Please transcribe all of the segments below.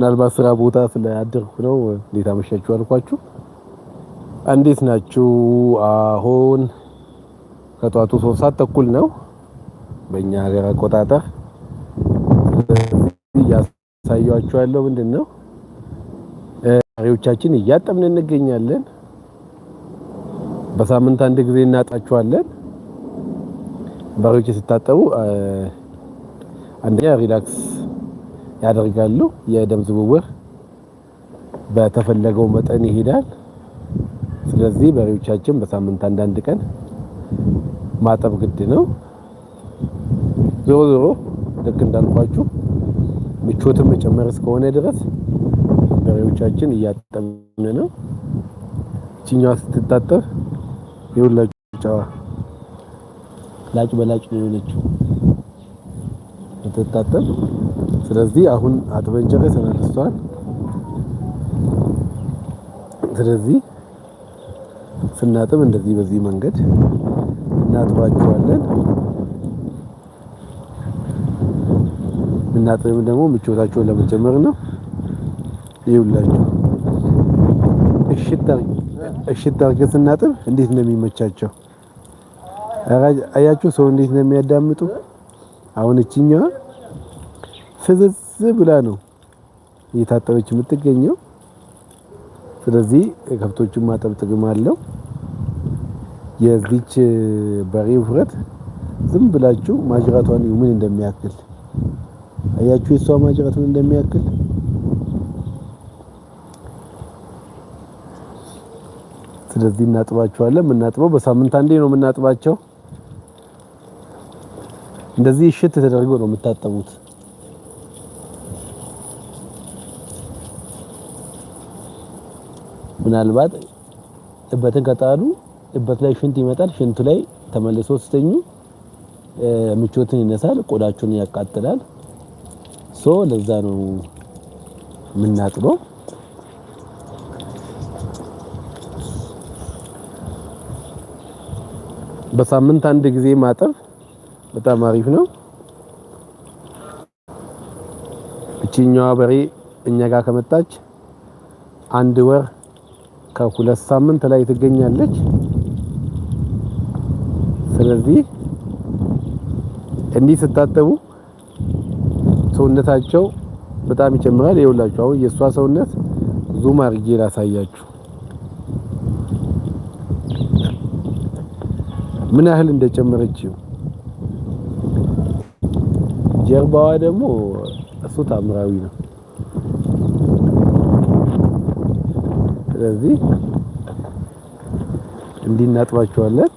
ምናልባት ስራ ቦታ ስለአደርኩ ነው። እንዴት አመሻችሁ አልኳችሁ። እንዴት ናችሁ? አሁን ከጧቱ ሶስት ሰዓት ተኩል ነው በእኛ ሀገር አቆጣጠር። እያሳያችሁ ያለው ምንድን ነው? ሪዎቻችን እያጠብን እንገኛለን። በሳምንት አንድ ጊዜ እናጣችኋለን። በሬዎች ስታጠቡ አንደኛ ሪላክስ ያደርጋሉ። የደም ዝውውር በተፈለገው መጠን ይሄዳል። ስለዚህ በሬዎቻችን በሳምንት አንዳንድ ቀን ማጠብ ግድ ነው። ዞሮ ዞሮ ልክ እንዳልኳችሁ ምቾትም መጨመር እስከሆነ ድረስ በሬዎቻችን እያጠብን ነው። እችኛዋ ስትታጠብ የሁላችሁ ጫዋ ላጭ በላጭ ነው የሆነችው ስትታጠብ ስለዚህ አሁን አድቬንቸር ተነስቷል። ስለዚህ ስናጥብ እንደዚህ በዚህ መንገድ እናጥባቸዋለን። እናጥብም ደግሞ ምቾታቸውን ለመጨመር ነው። ይውላችሁ እሽት አርገ ስናጥብ እንዴት ነው የሚመቻቸው? አያችሁ ሰው እንዴት ነው የሚያዳምጡ? አሁን እችኛዋ ፍዝዝ ብላ ነው እየታጠበች የምትገኘው። ስለዚህ ከብቶቹን ማጠብ ጥቅም አለው። የዚች በሬ ውፍረት ዝም ብላችሁ ማጅራቷን ምን እንደሚያክል አያችሁ። የሷ ማጅራት ምን እንደሚያክል ስለዚህ እናጥባቸዋለን። የምናጥበው በሳምንት አንዴ ነው የምናጥባቸው። እንደዚህ እሽት ተደርጎ ነው የምታጠቡት። ምናልባት እበትን ከጣሉ እበት ላይ ሽንት ይመጣል። ሽንቱ ላይ ተመልሶ ስተኙ ምቾትን ይነሳል፣ ቆዳቸውን ያቃጥላል። ሶ ለዛ ነው የምናጥበው። በሳምንት አንድ ጊዜ ማጠብ በጣም አሪፍ ነው። እቺኛዋ በሬ እኛ ጋር ከመጣች አንድ ወር ከሁለት ሳምንት ላይ ትገኛለች። ስለዚህ እንዲህ ስታጠቡ ሰውነታቸው በጣም ይጨምራል። ይኸውላችሁ አሁን የእሷ ሰውነት ዙም አድርጌ ላሳያችሁ ምን ያህል እንደጨመረችው። ጀርባዋ ደግሞ እሱ ታምራዊ ነው። ስለዚህ እንዲናጥባቸዋለን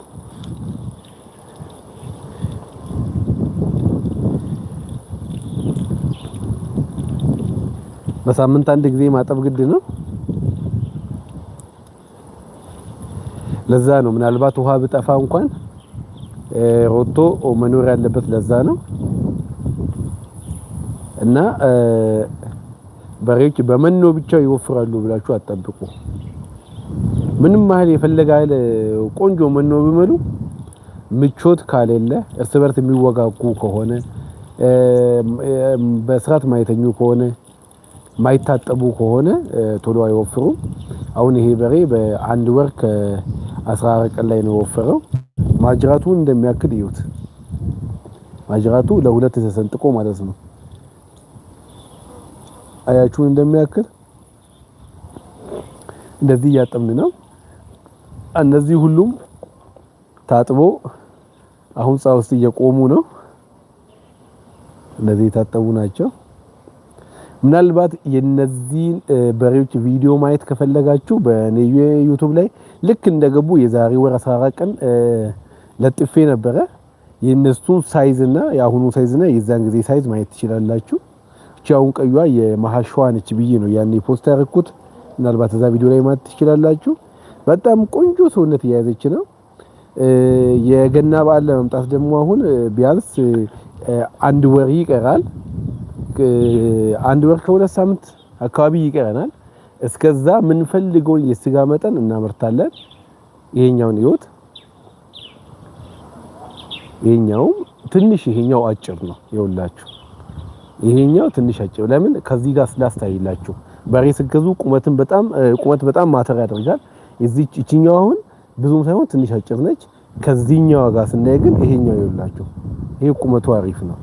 በሳምንት አንድ ጊዜ ማጠብ ግድ ነው። ለዛ ነው ምናልባት ውሃ ብጠፋ እንኳን ሮቶ መኖር ያለበት ለዛ ነው እና በሬዎች በመኖ ብቻ ይወፍራሉ ብላችሁ አጠብቁ። ምንም ያህል የፈለገ ያህል ቆንጆ መኖ ቢመሉ ምቾት ካሌለ፣ እርስ በርስ የሚወጋጉ ከሆነ፣ በስርዓት ማይተኙ ከሆነ፣ ማይታጠቡ ከሆነ ቶሎ አይወፍሩም። አሁን ይሄ በሬ በአንድ ወር ከአስራ አራት ቀን ላይ ነው የወፈረው። ማጅራቱ እንደሚያክል እዩት። ማጅራቱ ለሁለት ተሰንጥቆ ማለት ነው። አያችሁን እንደሚያክል እንደዚህ እያጠብን ነው። እነዚህ ሁሉም ታጥቦ አሁን ጻ ውስጥ እየቆሙ ነው። እነዚህ የታጠቡ ናቸው። ምናልባት የነዚህን በሬዎች ቪዲዮ ማየት ከፈለጋችሁ በኔ ዩቲዩብ ላይ ልክ እንደገቡ የዛሬ ወር 14 ቀን ለጥፌ ነበረ። የነሱን ሳይዝ እና የአሁኑ ሳይዝ እና የዛን ጊዜ ሳይዝ ማየት ትችላላችሁ። እቺ አሁን ቀዩዋ የመሀሸዋ ነች ብዬ ነው ያኔ ፖስት ያደረኩት። ምናልባት እዛ ቪዲዮ ላይ ማየት ትችላላችሁ። በጣም ቆንጆ ሰውነት እየያዘች ነው። የገና በዓል ለመምጣት ደግሞ አሁን ቢያንስ አንድ ወር ይቀራል። አንድ ወር ከሁለት ሳምንት አካባቢ ይቀረናል። እስከዛ የምንፈልገውን የስጋ መጠን እናመርታለን። ይሄኛውን ይወት ይሄኛውም ትንሽ ይሄኛው አጭር ነው ይውላችሁ ይሄኛው ትንሽ አጭር ለምን ከዚህ ጋር ስላስተያይላችሁ በሬ ስገዙ ቁመትን በጣም ቁመት በጣም ማተር ያደርጋል። እዚህ እቺኛው አሁን ብዙም ሳይሆን ትንሽ አጭር ነች። ከዚህኛው ጋር ስናይ ግን ይሄኛው ይውላችሁ ይሄ ቁመቱ አሪፍ ነው።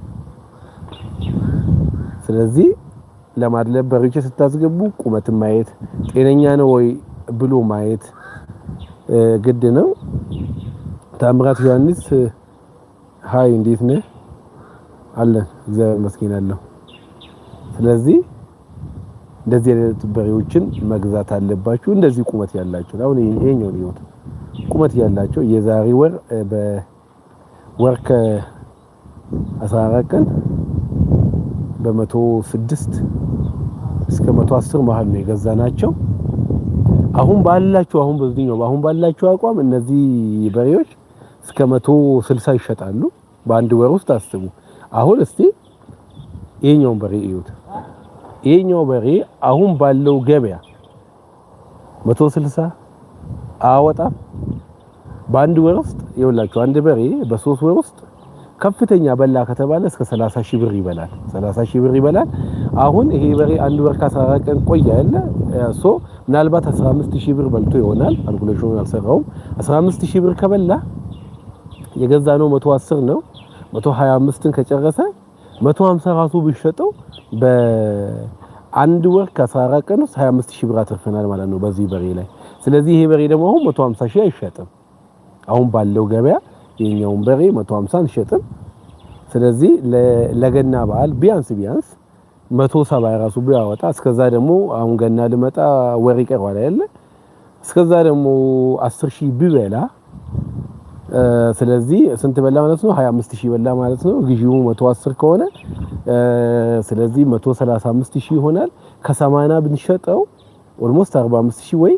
ስለዚህ ለማድለብ በሬዎች ስታስገቡ ቁመትን ማየት ጤነኛ ነው ወይ ብሎ ማየት ግድ ነው። ታምራት ዮሐንስ ሀይ፣ እንዴት ነህ? አለን። እግዚአብሔር ይመስገን አለሁ። ስለዚህ እንደዚህ አይነት በሬዎችን መግዛት አለባችሁ። እንደዚህ ቁመት ያላችሁ አሁን ይሄኛው ነው ቁመት ያላቸው የዛሬ ወር በወር ከ14 ቀን በመቶ ስድስት እስከ መቶ አስር መሀል ነው የገዛናቸው። አሁን ባላችሁ አሁን በዚህኛው አሁን ባላችሁ አቋም እነዚህ በሬዎች እስከ መቶ ስልሳ ይሸጣሉ በአንድ ወር ውስጥ አስቡ። አሁን እስቲ ይሄኛውን በሬ እዩት። ይሄኛው በሬ አሁን ባለው ገበያ 160 አወጣ በአንድ ወር ውስጥ ይኸውላችሁ አንድ በሬ በሶስት ወር ውስጥ ከፍተኛ በላ ከተባለ እስከ 30 ሺህ ብር ይበላል። 30 ሺህ ብር ይበላል። አሁን ይሄ በሬ አንድ ወር ከ14 ቀን ቆየ ያለ ሶ ምናልባት 15 ሺህ ብር በልቶ ይሆናል። ካልኩሌሽኑን አልሰራውም። 15 ሺህ ብር ከበላ የገዛ ነው 110 ነው። 125ን ከጨረሰ 150 ራሱ ቢሸጠው በአንድ ወር ከ14 ቀን ውስጥ 25 ሺህ ብር አትርፈናል ማለት ነው በዚህ በሬ ላይ። ስለዚህ ይሄ በሬ ደግሞ አሁን 150 ሺህ አይሸጥም። አሁን ባለው ገበያ የኛውን በሬ 150 አንሸጥም። ስለዚህ ለገና በዓል ቢያንስ ቢያንስ 170 ራሱ ቢያወጣ እስከዛ ደግሞ አሁን ገና ልመጣ ወር ይቀረዋል አይደለ? እስከዛ ደግሞ 10 ሺህ ቢበላ ስለዚህ ስንት በላ ማለት ነው? 25000 በላ ማለት ነው። ግዢው 110 ከሆነ ስለዚህ 135000 ይሆናል። ከ80 ብንሸጠው ኦልሞስት 45000 ወይ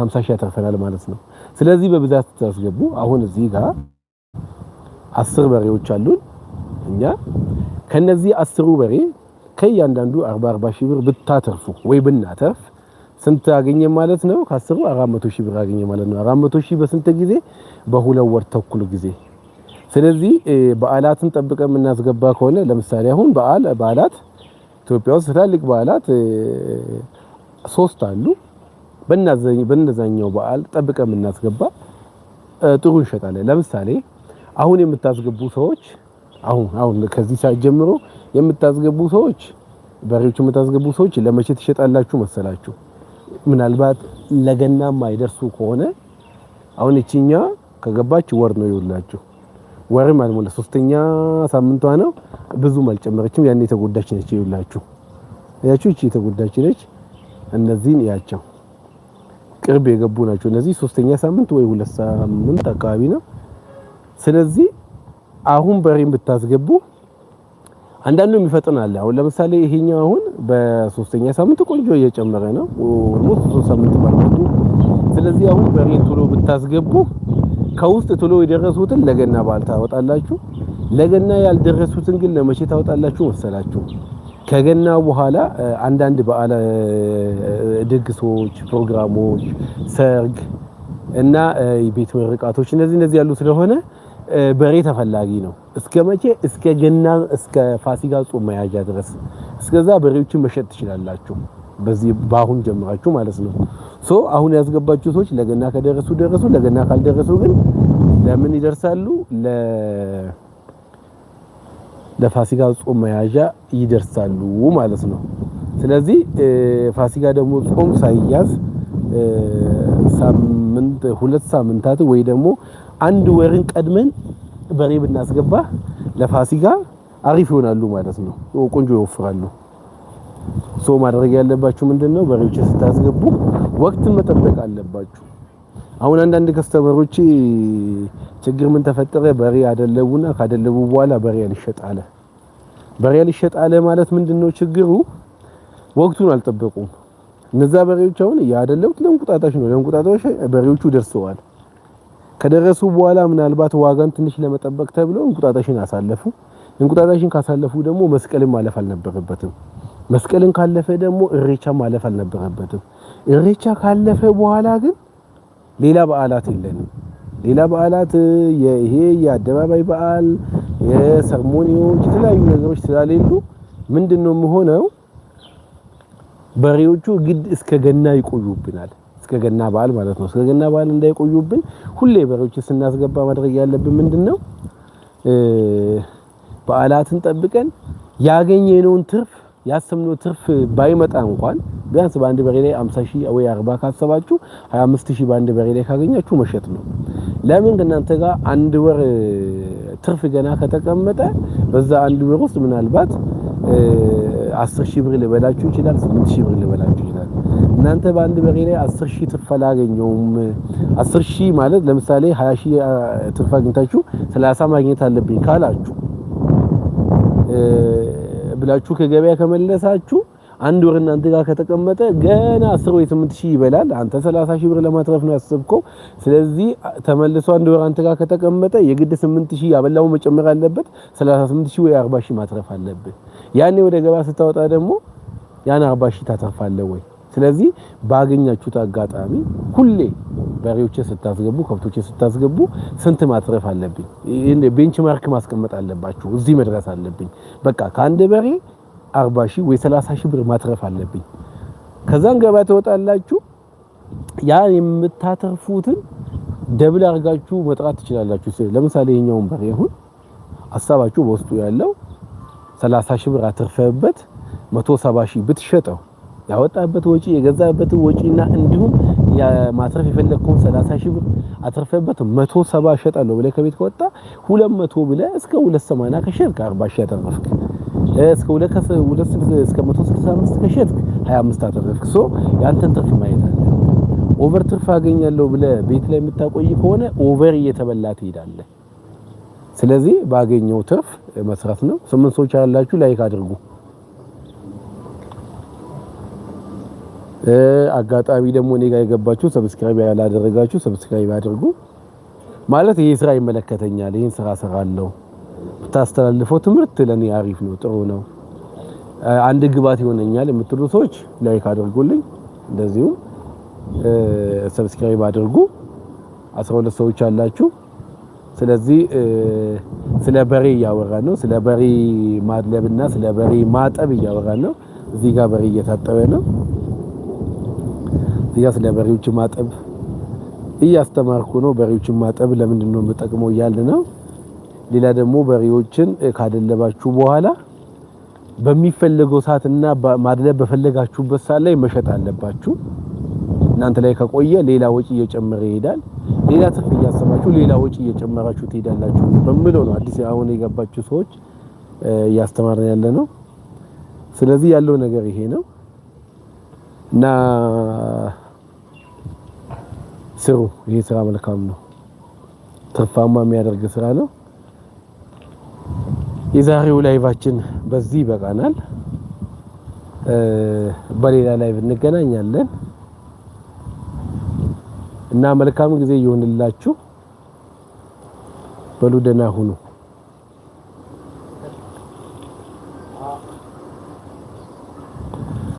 50000 ያተርፈናል ማለት ነው። ስለዚህ በብዛት ታስገቡ። አሁን እዚህ ጋር አስር በሬዎች አሉን እኛ ከነዚህ አስሩ በሬ ከእያንዳንዱ 40 40 ሺህ ብር ብታተርፉ ወይ ብናተርፍ ስንት አገኘ ማለት ነው? ከአስሩ አራት መቶ ሺህ ብር አገኘ ማለት ነው። 400 ሺህ በስንት ጊዜ? በሁለት ወር ተኩል ጊዜ። ስለዚህ በዓላትን ጠብቀን የምናስገባ ከሆነ ለምሳሌ አሁን በዓል በዓላት ኢትዮጵያ ውስጥ ትላልቅ በዓላት ሶስት አሉ። በእነዛኛው በዓል ጠብቀን የምናስገባ ጥሩ እንሸጣለን። ለምሳሌ አሁን የምታስገቡ ሰዎች አሁን አሁን ከዚህ ሰዓት ጀምሮ የምታስገቡ ሰዎች በሬዎቹ የምታስገቡ ሰዎች ለመቼ ትሸጣላችሁ መሰላችሁ? ምናልባት ለገና ማይደርሱ ከሆነ አሁን እቺኛ ከገባች ወር ነው ይውላችሁ፣ ወርም አልሞላ ሶስተኛ ሳምንቷ ነው። ብዙም አልጨመረችም። ያኔ የተጎዳች ነች ይውላችሁ። ያቺ እቺ የተጎዳች ነች። እነዚህን ያቸው ቅርብ የገቡ ናቸው። እነዚህ ሶስተኛ ሳምንት ወይ ሁለት ሳምንት አካባቢ ነው። ስለዚህ አሁን በሬን ብታስገቡ አንዳንዱ የሚፈጥን አለ። አሁን ለምሳሌ ይሄኛው አሁን በሶስተኛ ሳምንት ቆንጆ እየጨመረ ነው፣ ኦልሞስት ሶስት ሳምንት ባልሞቱ። ስለዚህ አሁን በሬን ቶሎ ብታስገቡ ከውስጥ ቶሎ የደረሱትን ለገና በዓል ታወጣላችሁ። ለገና ያልደረሱትን ግን ለመቼ ታወጣላችሁ መሰላችሁ? ከገና በኋላ አንዳንድ በዓል ድግሶች፣ ፕሮግራሞች፣ ሰርግ እና ቤት ምርቃቶች እነዚህ እነዚህ ያሉ ስለሆነ በሬ ተፈላጊ ነው። እስከ መቼ? እስከ ገና እስከ ፋሲካ ጾም መያዣ ድረስ። እስከዛ በሬዎችን መሸጥ ትችላላችሁ፣ በዚህ በአሁን ጀምራችሁ ማለት ነው። ሶ አሁን ያስገባችሁ ሰዎች ለገና ከደረሱ ደረሱ፣ ለገና ካልደረሱ ግን ለምን ይደርሳሉ? ለ ለፋሲካ ጾም መያዣ ይደርሳሉ ማለት ነው። ስለዚህ ፋሲካ ደግሞ ጾም ሳይያዝ ሳምንት ሁለት ሳምንታት ወይ ደግሞ አንድ ወርን ቀድመን በሬ ብናስገባ ለፋሲካ አሪፍ ይሆናሉ ማለት ነው። ቆንጆ ይወፍራሉ። ሶ ማድረግ ያለባችሁ ምንድነው በሬዎች ስታስገቡ ወቅትን መጠበቅ አለባችሁ። አሁን አንዳንድ ከስተመሮቼ ችግር ምን ተፈጠረ፣ በሬ አደለቡና ካደለቡ በኋላ በሬ አልሸጥ አለ። በሬ አልሸጥ አለ ማለት ምንድነው ችግሩ? ወቅቱን አልጠበቁም። እነዛ በሬዎች አሁን ያደለቡት ለእንቁጣጣሽ ነው። ለእንቁጣጣሽ በሬዎቹ ደርሰዋል። ከደረሱ በኋላ ምናልባት ዋጋን ትንሽ ለመጠበቅ ተብሎ እንቁጣጣሽን አሳለፉ። እንቁጣጣሽን ካሳለፉ ደግሞ መስቀልን ማለፍ አልነበረበትም። መስቀልን ካለፈ ደግሞ እሬቻ ማለፍ አልነበረበትም። እሬቻ ካለፈ በኋላ ግን ሌላ በዓላት የለንም። ሌላ በዓላት ይሄ የአደባባይ በዓል፣ የሰርሞኒዎች የተለያዩ ነገሮች ስለሌሉ ምንድነው የምሆነው? በሬዎቹ ግድ እስከ ገና ይቆዩብናል። እስከ ገና በዓል ማለት ነው። እስከ ገና በዓል እንዳይቆዩብን ሁሌ በሮች ስናስገባ ማድረግ ያለብን ምንድን ነው? በዓላትን ጠብቀን ያገኘነውን ትርፍ ያሰምነው ትርፍ ባይመጣ እንኳን ቢያንስ በአንድ በሬ ላይ 50 ሺህ ወይ 40 ካሰባችሁ 25 ሺህ በአንድ በሬ ላይ ካገኛችሁ መሸጥ ነው። ለምን እናንተ ጋር አንድ ወር ትርፍ ገና ከተቀመጠ በዛ አንድ ወር ውስጥ ምናልባት 10 ሺህ ብር ልበላችሁ ይችላል፣ 8 ሺህ ብር ልበላችሁ እናንተ በአንድ በሬ ላይ 10 ሺህ ትርፍ አላገኘውም። 10 ሺህ ማለት ለምሳሌ 20 ሺህ ትርፍ አግኝታችሁ 30 ማግኘት አለብኝ ካላችሁ ብላችሁ ከገበያ ከመለሳችሁ አንድ ወር እናንተ ጋር ከተቀመጠ ገና 10 ወይ 8 ሺህ ይበላል። አንተ 30 ሺህ ብር ለማትረፍ ነው ያሰብከው። ስለዚህ ተመልሶ አንድ ወር አንተ ጋር ከተቀመጠ የግድ 8 ሺህ ያበላው መጨመር አለበት። 38 ሺህ ወይ 40 ሺህ ማትረፍ አለበት። ያኔ ወደ ገበያ ስታወጣ ደግሞ ያን 40 ሺህ ታተርፋለህ ወይ ስለዚህ ባገኛችሁት አጋጣሚ ሁሌ በሬዎችን ስታስገቡ ከብቶችን ስታስገቡ ስንት ማትረፍ አለብኝ፣ ቤንችማርክ ማስቀመጥ አለባችሁ። እዚህ መድረስ አለብኝ። በቃ ከአንድ በሬ 40 ሺህ ወይ 30 ሺህ ብር ማትረፍ አለብኝ። ከዛን ገበያ ትወጣላችሁ። ያ የምታተርፉትን ደብል አድርጋችሁ መጥራት ትችላላችሁ። ለምሳሌ የኛውን በሬ አሁን ሀሳባችሁ በውስጡ ያለው 30 ሺህ ብር አትርፈበት 170 ሺህ ብትሸጠው ያወጣበት ወጪ የገዛበት ወጪና እንዲሁም ማትረፍ የፈለግከውን 30 ሺህ ብር አትርፈበት 170 እሸጣለሁ ብለህ ከቤት ከወጣ 200 ብለህ እስከ 280 ከሸጥክ 40 ሺህ አተረፍክ። እስከ 2 እስከ 165 ከሸጥክ 25 አተረፍክ። ሶ ያንተን ትርፍ ማየት አለ። ኦቨር ትርፍ አገኛለሁ ብለህ ቤት ላይ የምታቆይ ከሆነ ኦቨር እየተበላ ትሄዳለህ። ስለዚህ ባገኘው ትርፍ መስራት ነው። ስምንት ሰዎች ያላችሁ ላይክ አድርጉ። አጋጣሚ ደግሞ እኔ ጋር የገባችሁ ሰብስክራይብ ያላደረጋችሁ ሰብስክራይብ አድርጉ። ማለት ይሄ ስራ ይመለከተኛል፣ ይሄን ስራ ሰራለሁ፣ ብታስተላልፈው ትምህርት ለኔ አሪፍ ነው፣ ጥሩ ነው፣ አንድ ግባት ይሆነኛል የምትሉ ሰዎች ላይክ አድርጉልኝ፣ እንደዚሁም ሰብስክራይብ አድርጉ። 12 ሰዎች አላችሁ። ስለዚህ ስለ በሬ እያወራን ነው። ስለ በሬ ማድለብና ስለ በሬ ማጠብ እያወራን ነው። እዚህ ጋር በሬ እየታጠበ ነው። እያስ ስለ ማጠብ እያስተማርኩ ነው። በሬዎችን ማጠብ ለምንድን ነው የምጠቅመው እያልን ነው። ሌላ ደግሞ በሬዎችን ካደለባችሁ በኋላ በሚፈለገው ሰዓትና ማድለብ በፈለጋችሁበት ሰዓት ላይ መሸጥ አለባችሁ። እናንተ ላይ ከቆየ ሌላ ወጪ እየጨመረ ይሄዳል። ሌላ ትርፍ እያሰባችሁ ሌላ ወጪ እየጨመራችሁ ትሄዳላችሁ በምለው ነው አዲስ አሁን የገባችሁ ሰዎች እያስተማርን ያለ ነው። ስለዚህ ያለው ነገር ይሄ ነው እና ስሩ። ይሄ ስራ መልካም ነው፣ ትርፋማ የሚያደርግ ስራ ነው። የዛሬው ላይቫችን በዚህ ይበቃናል። በሌላ ላይቭ እንገናኛለን እና መልካም ጊዜ ይሁንላችሁ። በሉ ደህና ሁኑ።